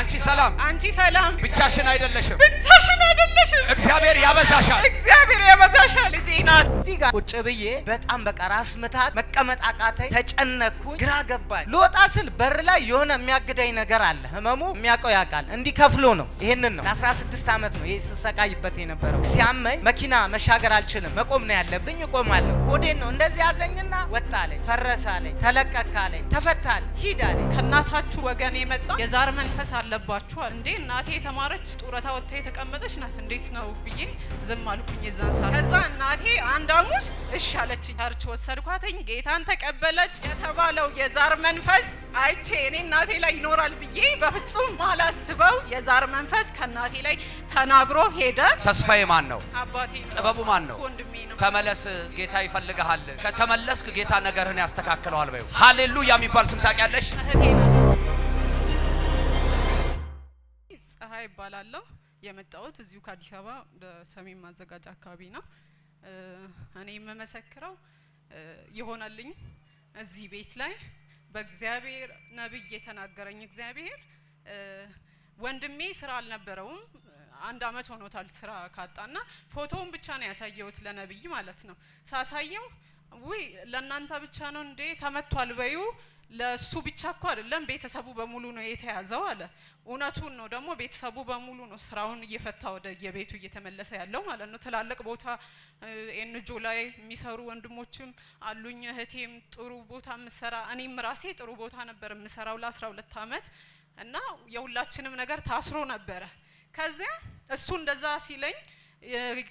አንቺ ሰላም፣ አንቺ ሰላም፣ ብቻሽን አይደለሽም፣ ብቻሽን አይደለሽም። እግዚአብሔር ያበዛሻል፣ እግዚአብሔር ያበዛሻል። ልጄ ናት። እዚህ ጋር ቁጭ ብዬ በጣም በቃ ራስ ምታት፣ መቀመጥ አቃተኝ፣ ተጨነኩኝ፣ ግራ ገባኝ። ልወጣ ስል በር ላይ የሆነ የሚያግደኝ ነገር አለ። ህመሙ የሚያውቀው ያውቃል። እንዲህ ከፍሎ ነው። ይሄንን ነው ለ16 ዓመት ነው ይህ ስሰቃይበት የነበረው። ሲያመኝ መኪና መሻገር አልችልም፣ መቆም ነው ያለብኝ። እቆማለሁ። ሆዴን ነው እንደዚህ ያዘኝና ወጣለኝ፣ ፈረሳለኝ፣ ተለቀካለኝ፣ ተፈታል፣ ሂዳለኝ። ከእናታችሁ ወገን የመጣ የዛር መንፈስ አለ አለባችኋል። እንዴ እናቴ የተማረች ጡረታ ወጥታ የተቀመጠች ናት እንዴት ነው ብዬ ዝም አልኩኝ የዛን ሰዓት። ከዛ እናቴ አንድ አሙስ እሺ አለች። ቸርች ወሰድኳትኝ፣ ጌታን ተቀበለች። የተባለው የዛር መንፈስ አይቼ እኔ እናቴ ላይ ይኖራል ብዬ በፍጹም ማላስበው የዛር መንፈስ ከእናቴ ላይ ተናግሮ ሄደ። ተስፋዬ ማን ነው? አባቴ ጥበቡ ማን ነው? ወንድሜ ነው። ተመለስ፣ ጌታ ይፈልግሃል። ከተመለስክ ጌታ ነገርህን ያስተካክለዋል። በይው። ሀሌሉያ የሚባል ስም ታውቂያለሽ? እህቴ ነው ፀሐይ እባላለሁ የመጣሁት እዚሁ ከአዲስ አበባ ሰሜን ማዘጋጃ አካባቢ ነው። እኔ የምመሰክረው የሆነልኝ እዚህ ቤት ላይ በእግዚአብሔር ነብይ የተናገረኝ እግዚአብሔር ወንድሜ ስራ አልነበረውም። አንድ አመት ሆኖታል ስራ ካጣና ፎቶውን ብቻ ነው ያሳየሁት ለነብይ ማለት ነው። ሳሳየው ውይ ለእናንተ ብቻ ነው እንዴ ተመቷል በዩ ለሱ ብቻ እኮ አይደለም ቤተሰቡ በሙሉ ነው የተያዘው አለ። እውነቱን ነው ደግሞ ቤተሰቡ በሙሉ ነው ስራውን እየፈታ ወደ የቤቱ እየተመለሰ ያለው ማለት ነው። ትላልቅ ቦታ ኤንጆ ላይ የሚሰሩ ወንድሞችም አሉኝ። እህቴም ጥሩ ቦታ ምሰራ፣ እኔም ራሴ ጥሩ ቦታ ነበር የምሰራው ለአስራ ሁለት አመት እና የሁላችንም ነገር ታስሮ ነበረ። ከዚያ እሱ እንደዛ ሲለኝ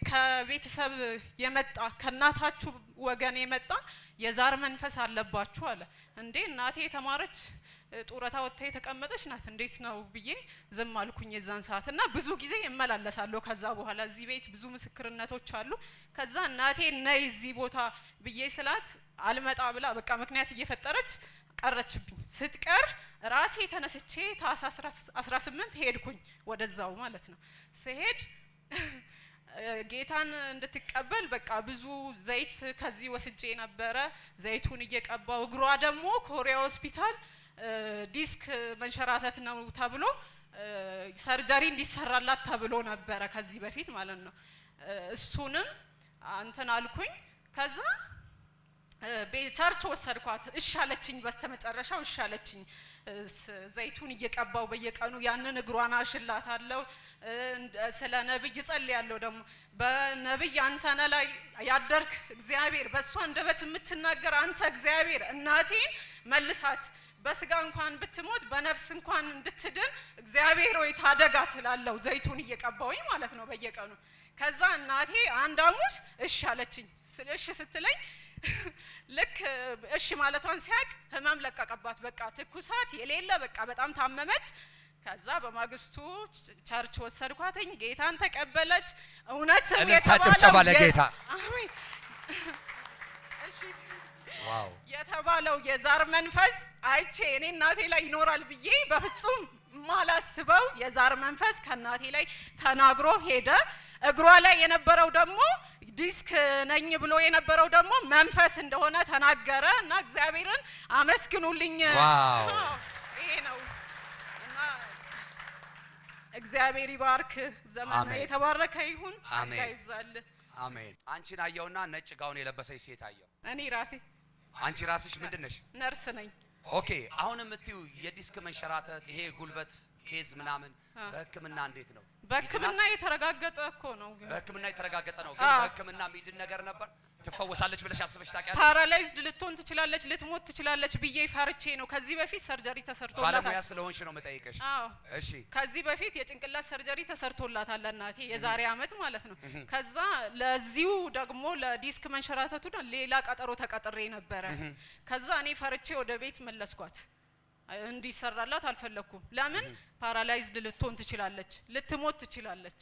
ከቤተሰብ የመጣ ከእናታችሁ ወገን የመጣ የዛር መንፈስ አለባችሁ አለ። እንዴ እናቴ የተማረች ጡረታ ወጥታ የተቀመጠች ናት፣ እንዴት ነው ብዬ ዝም አልኩኝ የዛን ሰዓት እና ብዙ ጊዜ እመላለሳለሁ። ከዛ በኋላ እዚህ ቤት ብዙ ምስክርነቶች አሉ። ከዛ እናቴ ነይ እዚህ ቦታ ብዬ ስላት አልመጣ ብላ በቃ ምክንያት እየፈጠረች ቀረችብኝ። ስትቀር ራሴ ተነስቼ ታህሳስ 18 ሄድኩኝ ወደዛው ማለት ነው ስሄድ ጌታን እንድትቀበል በቃ ብዙ ዘይት ከዚህ ወስጄ ነበረ። ዘይቱን እየቀባው እግሯ ደግሞ ኮሪያ ሆስፒታል ዲስክ መንሸራተት ነው ተብሎ ሰርጀሪ እንዲሰራላት ተብሎ ነበረ ከዚህ በፊት ማለት ነው። እሱንም እንትን አልኩኝ። ከዛ ቸርች ወሰድኳት። እሻለችኝ፣ በስተመጨረሻው እሻለችኝ። ዘይቱን እየቀባው በየቀኑ ያንን እግሯን አለው ስለ ነብይ ያለው ደግሞ በነብይ አንተነ ላይ ያደርክ እግዚአብሔር በእሷ አንደበት የምትናገር አንተ እግዚአብሔር እናቴን መልሳት በስጋ እንኳን ብትሞት በነፍስ እንኳን እንድትድን እግዚአብሔር ወይ ታደጋ ትላለሁ። ዘይቱን እየቀባውኝ ማለት ነው በየቀኑ ከዛ እናቴ አንድ አሙስ እሽ አለችኝ። እሺ ስትለኝ ልክ እሺ ማለቷን ሲያቅ ህመም ለቀቀባት። በቃ ትኩሳት የሌለ በቃ በጣም ታመመች። ከዛ በማግስቱ ቸርች ወሰድኳትኝ። ጌታን ተቀበለች። እውነት ጭብጨባ ለጌታ የተባለው የዛር መንፈስ አይቼ እኔ እናቴ ላይ ይኖራል ብዬ በፍጹም ማላስበው የዛር መንፈስ ከእናቴ ላይ ተናግሮ ሄደ። እግሯ ላይ የነበረው ደግሞ ዲስክ ነኝ ብሎ የነበረው ደግሞ መንፈስ እንደሆነ ተናገረ እና እግዚአብሔርን አመስግኑልኝ። ይሄ ነው እና እግዚአብሔር ይባርክ። ዘመኑ የተባረከ ይሁን፣ ጸጋ ይብዛል። አሜን። አንቺን አየውና ነጭ ጋውን የለበሰች ሴት አየው። እኔ ራሴ አንቺ ራስሽ ምንድን ነሽ? ነርስ ነኝ። ኦኬ አሁን የምትዩ የዲስክ መንሸራተት ይሄ ጉልበት ኬዝ ምናምን በህክምና እንዴት ነው? በህክምና የተረጋገጠ እኮ ነው። በሕክምና የተረጋገጠ ነው፣ ግን በሕክምና የሚድን ነገር ነበር። ትፈወሳለች ብለሽ አስበሽ ታውቂያለሽ? ፓራላይዝድ ልትሆን ትችላለች፣ ልትሞት ትችላለች ብዬ ፈርቼ ነው። ከዚህ በፊት ሰርጀሪ ተሰርቶላታል። ባለሙያ ስለሆንሽ ነው የምጠይቅሽ። እሺ። ከዚህ በፊት የጭንቅላት ሰርጀሪ ተሰርቶላታል እናቴ፣ የዛሬ አመት ማለት ነው። ከዛ ለዚሁ ደግሞ ለዲስክ መንሸራተቱ ሌላ ቀጠሮ ተቀጥሬ ነበረ። ከዛ እኔ ፈርቼ ወደ ቤት መለስኳት። እንዲሰራላት አልፈለኩም። ለምን ፓራላይዝድ ልትሆን ትችላለች፣ ልትሞት ትችላለች፣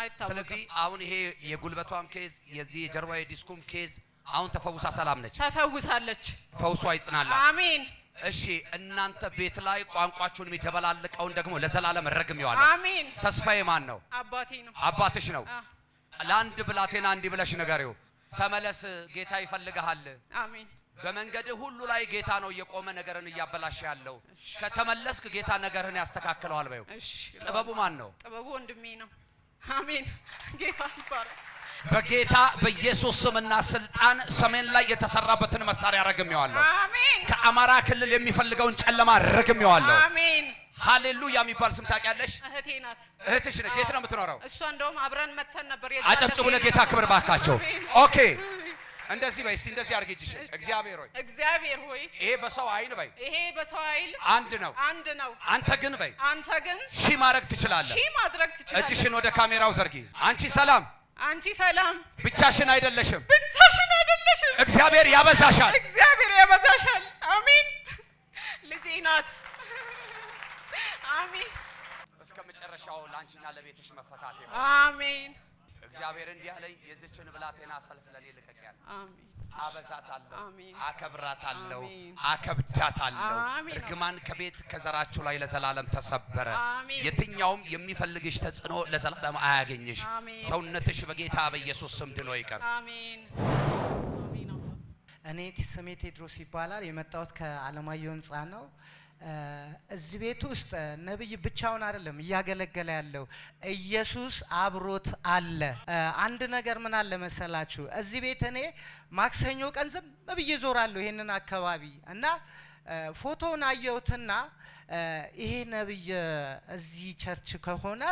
አይታወቅም። ስለዚህ አሁን ይሄ የጉልበቷም ኬዝ የዚህ የጀርባ የዲስኩም ኬዝ አሁን ተፈውሳ ሰላም ነች፣ ተፈውሳለች። ፈውሷ ይጽናላ፣ አሜን። እሺ እናንተ ቤት ላይ ቋንቋችሁን የሚደበላልቀውን ደግሞ ለዘላለም ረግም ይዋል። አሜን። ተስፋዬ ማን ነው? አባቴ ነው። አባትሽ ነው። ለአንድ ብላቴና እንዲህ ብለሽ ንገሪው፣ ተመለስ፣ ጌታ ይፈልግሃል። አሜን በመንገድህ ሁሉ ላይ ጌታ ነው እየቆመ ነገርን እያበላሸ ያለው። ከተመለስክ ጌታ ነገርን ያስተካክለዋል። በይው። ጥበቡ ማን ነው? ጥበቡ ወንድሜ ነው። አሜን። ጌታ ይባረክ። በጌታ በኢየሱስ ስምና ስልጣን ሰሜን ላይ የተሰራበትን መሳሪያ ረግሜዋለሁ። አሜን። ከአማራ ክልል የሚፈልገውን ጨለማ ረግሜዋለሁ። አሜን። ሃሌሉያ የሚባል ስም ታውቂያለሽ? እህቴ ናት። እህትሽ ነች። የት ነው የምትኖረው? እሷ እንደውም አብረን መተን ነበር። አጨብጭቡ ለጌታ ክብር ባካቸው። ኦኬ እንደዚህ በይ እንደዚህ አድርጊ። እግዚአብሔር ሆይ እግዚአብሔር ሆይ ይሄ በሰው አይን በይ ይሄ በሰው አይን አንድ ነው አንድ ነው። አንተ ግን በይ አንተ ግን ሺ ማድረግ ትችላለህ ሺ ማድረግ ትችላለህ። እጅሽን ወደ ካሜራው ዘርጊ። አንቺ ሰላም አንቺ ሰላም ብቻሽን አይደለሽም ብቻሽን አይደለሽም። እግዚአብሔር ያበዛሻል እግዚአብሔር ያበዛሻል። አሜን። ልጄ ናት። አሜን። እስከ መጨረሻው ለአንቺና ለቤትሽ መፈታት። አሜን። እግዚአብሔር እንዲህ አለኝ፣ የዚችን ብላቴና ሰልፍ ለኔ ልቀቅ ያለ አበዛታለሁ፣ አከብራታለሁ፣ አከብዳታለሁ። እርግማን ከቤት ከዘራችሁ ላይ ለዘላለም ተሰበረ። የትኛውም የሚፈልግሽ ተጽዕኖ ለዘላለም አያገኝሽ። ሰውነትሽ በጌታ በኢየሱስ ስም ድኖ ይቀር። እኔ ስሜ ቴድሮስ ይባላል። የመጣሁት ከአለማየሁ ህንጻ ነው። እዚህ ቤት ውስጥ ነብይ ብቻውን አይደለም እያገለገለ ያለው፣ ኢየሱስ አብሮት አለ። አንድ ነገር ምን አለ መሰላችሁ፣ እዚህ ቤት እኔ ማክሰኞ ቀን ዝም ብዬ ዞራለሁ ይሄንን አካባቢ እና ፎቶውን አየሁትና ይሄ ነብይ እዚህ ቸርች ከሆነ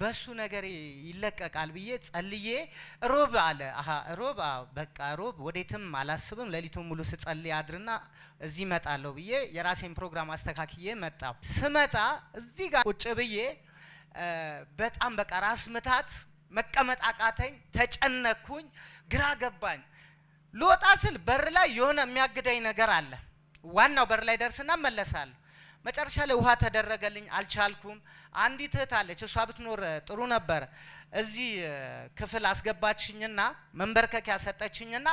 በሱ ነገር ይለቀቃል ብዬ ጸልዬ ሮብ አለ አሀ ሮብ በቃ ሮብ ወዴትም አላስብም ሌሊቱን ሙሉ ስጸልይ አድርና እዚህ መጣለሁ ብዬ የራሴን ፕሮግራም አስተካክዬ መጣ ስመጣ እዚህ ጋር ቁጭ ብዬ በጣም በቃ ራስ ምታት መቀመጥ አቃተኝ፣ ተጨነኩኝ፣ ግራ ገባኝ። ልወጣ ስል በር ላይ የሆነ የሚያግደኝ ነገር አለ። ዋናው በር ላይ ደርስና መለሳለሁ መጨረሻ ላይ ውሃ ተደረገልኝ፣ አልቻልኩም። አንዲት እህት አለች፣ እሷ ብትኖር ጥሩ ነበር። እዚህ ክፍል አስገባችኝና መንበርከኪያ ሰጠችኝና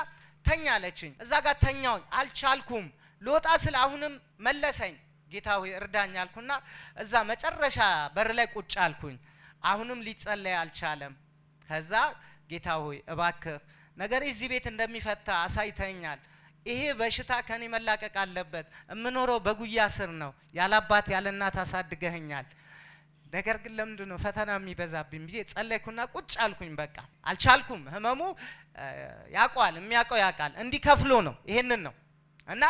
ተኛለችኝ። እዛ ጋር ተኛውኝ፣ አልቻልኩም። ልወጣ ስል አሁንም መለሰኝ። ጌታ ሆይ እርዳኝ አልኩና እዛ መጨረሻ በር ላይ ቁጭ አልኩኝ። አሁንም ሊጸለይ አልቻለም። ከዛ ጌታ ሆይ እባክህ ነገር እዚህ ቤት እንደሚፈታ አሳይተኛል ይሄ በሽታ ከኔ መላቀቅ አለበት። የምኖረው በጉያ ስር ነው። ያላባት ያለ እናት አሳድገኸኛል። ነገር ግን ለምንድን ነው ፈተና የሚበዛብኝ ብዬ ጸለይኩና ቁጭ አልኩኝ። በቃ አልቻልኩም። ህመሙ ያቋል፣ የሚያውቀው ያውቃል። እንዲህ ከፍሎ ነው ይሄንን ነው እና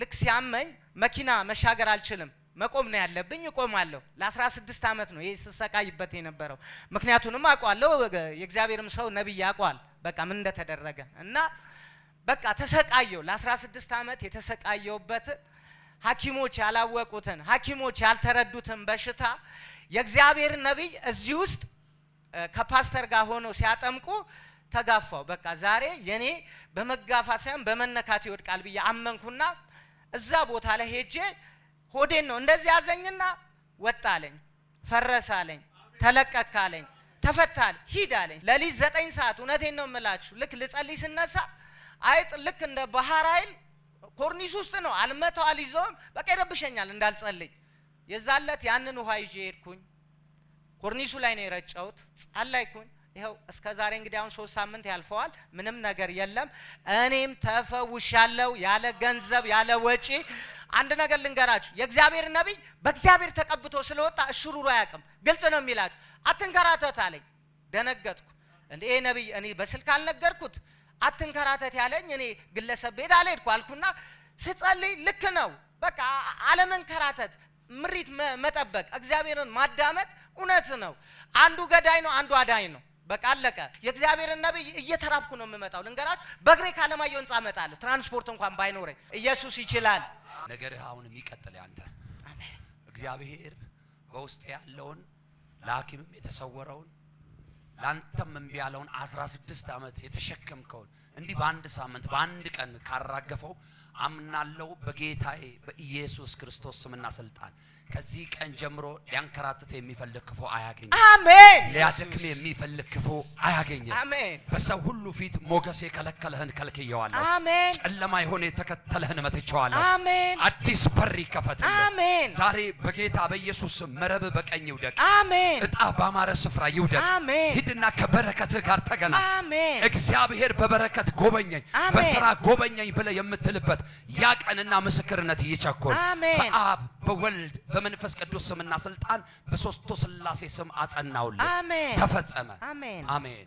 ልክ ሲያመኝ መኪና መሻገር አልችልም መቆም ነው ያለብኝ። እቆማለሁ። ለ16 ዓመት ነው ይህ ስሰቃይበት የነበረው። ምክንያቱንም አውቋለሁ። የእግዚአብሔርም ሰው ነቢይ አውቋል። በቃ ምን እንደተደረገ እና በቃ ተሰቃየው። ለ16 ዓመት የተሰቃየውበትን ሐኪሞች ያላወቁትን ሐኪሞች ያልተረዱትን በሽታ የእግዚአብሔር ነቢይ እዚህ ውስጥ ከፓስተር ጋር ሆነው ሲያጠምቁ ተጋፋው። በቃ ዛሬ የኔ በመጋፋት ሳይሆን በመነካት ይወድቃል ብዬ አመንኩና እዛ ቦታ ላይ ሄጄ ሆዴን ነው እንደዚህ ያዘኝና ወጣለኝ፣ ፈረሳለኝ፣ ተለቀካለኝ፣ ተፈታል፣ ሂድ አለኝ። ለሊት ዘጠኝ ሰዓት እውነቴን ነው የምላችሁ ልክ ልጸልይ ስነሳ አይጥ ልክ እንደ ባህር አይል ኮርኒስ ውስጥ ነው። አልመተው አልይዘውም። በቃ ይረብሸኛል እንዳልጸልይ። የዛለት ያንን ውሃ ይዤ ሄድኩኝ። ኮርኒሱ ላይ ነው የረጨውት ጸለይኩኝ። ይኸው እስከ ዛሬ እንግዲህ አሁን ሶስት ሳምንት ያልፈዋል። ምንም ነገር የለም። እኔም ተፈውሻለሁ ያለ ገንዘብ ያለ ወጪ። አንድ ነገር ልንገራችሁ፣ የእግዚአብሔር ነቢይ በእግዚአብሔር ተቀብቶ ስለወጣ እሽሩሩ አያውቅም። ግልጽ ነው የሚላችሁ። አትንከራተት አለኝ። ደነገጥኩ። እንዴ ነቢይ እኔ በስልክ አልነገርኩት አትንከራተት ያለኝ እኔ ግለሰብ ቤት አልሄድኩ አልኩና ስጸልይ ልክ ነው። በቃ አለመንከራተት፣ ምሪት መጠበቅ፣ እግዚአብሔርን ማዳመጥ እውነት ነው። አንዱ ገዳይ ነው፣ አንዱ አዳኝ ነው። በቃ አለቀ። የእግዚአብሔርን ነቢይ እየተራብኩ ነው የምመጣው። ልንገራችሁ፣ በእግሬ ካለማየሁ ህንጻ መጣለሁ ትራንስፖርት እንኳን ባይኖረኝ። ኢየሱስ ይችላል። ነገርህ አሁንም ይቀጥል። ያንተ እግዚአብሔር በውስጥ ያለውን ለሀኪምም የተሰወረውን ለአንተም እምቢ ያለውን አስራ ስድስት ዓመት የተሸከምከውን እንዲህ በአንድ ሳምንት በአንድ ቀን ካራገፈው አምናለው በጌታዬ በኢየሱስ ክርስቶስ ስምና ስልጣን ከዚህ ቀን ጀምሮ ሊያንከራትት የሚፈልግ ክፉ አያገኝ። አሜን። ሊያደክም የሚፈልግ ክፉ አያገኝ። አሜን። በሰው ሁሉ ፊት ሞገስ የከለከለህን ከልክየዋለሁ። አሜን። ጨለማ የሆነ የተከተለህን መትቼዋለሁ። አሜን። አዲስ በር ይከፈትልህ። አሜን። ዛሬ በጌታ በኢየሱስ መረብ በቀኝ ይውደቅ። አሜን። እጣ ባማረ ስፍራ ይውደቅ። አሜን። ሂድና ከበረከትህ ጋር ተገና። አሜን። እግዚአብሔር በበረከት ጎበኘኝ፣ በስራ ጎበኘኝ ብለህ የምትልበት ያ ቀንና ምስክርነት እየቸኮል በአብ በወልድ በመንፈስ ቅዱስ ስምና ስልጣን በሶስቱ ስላሴ ስም አጸናውልን። ተፈጸመ። አሜን።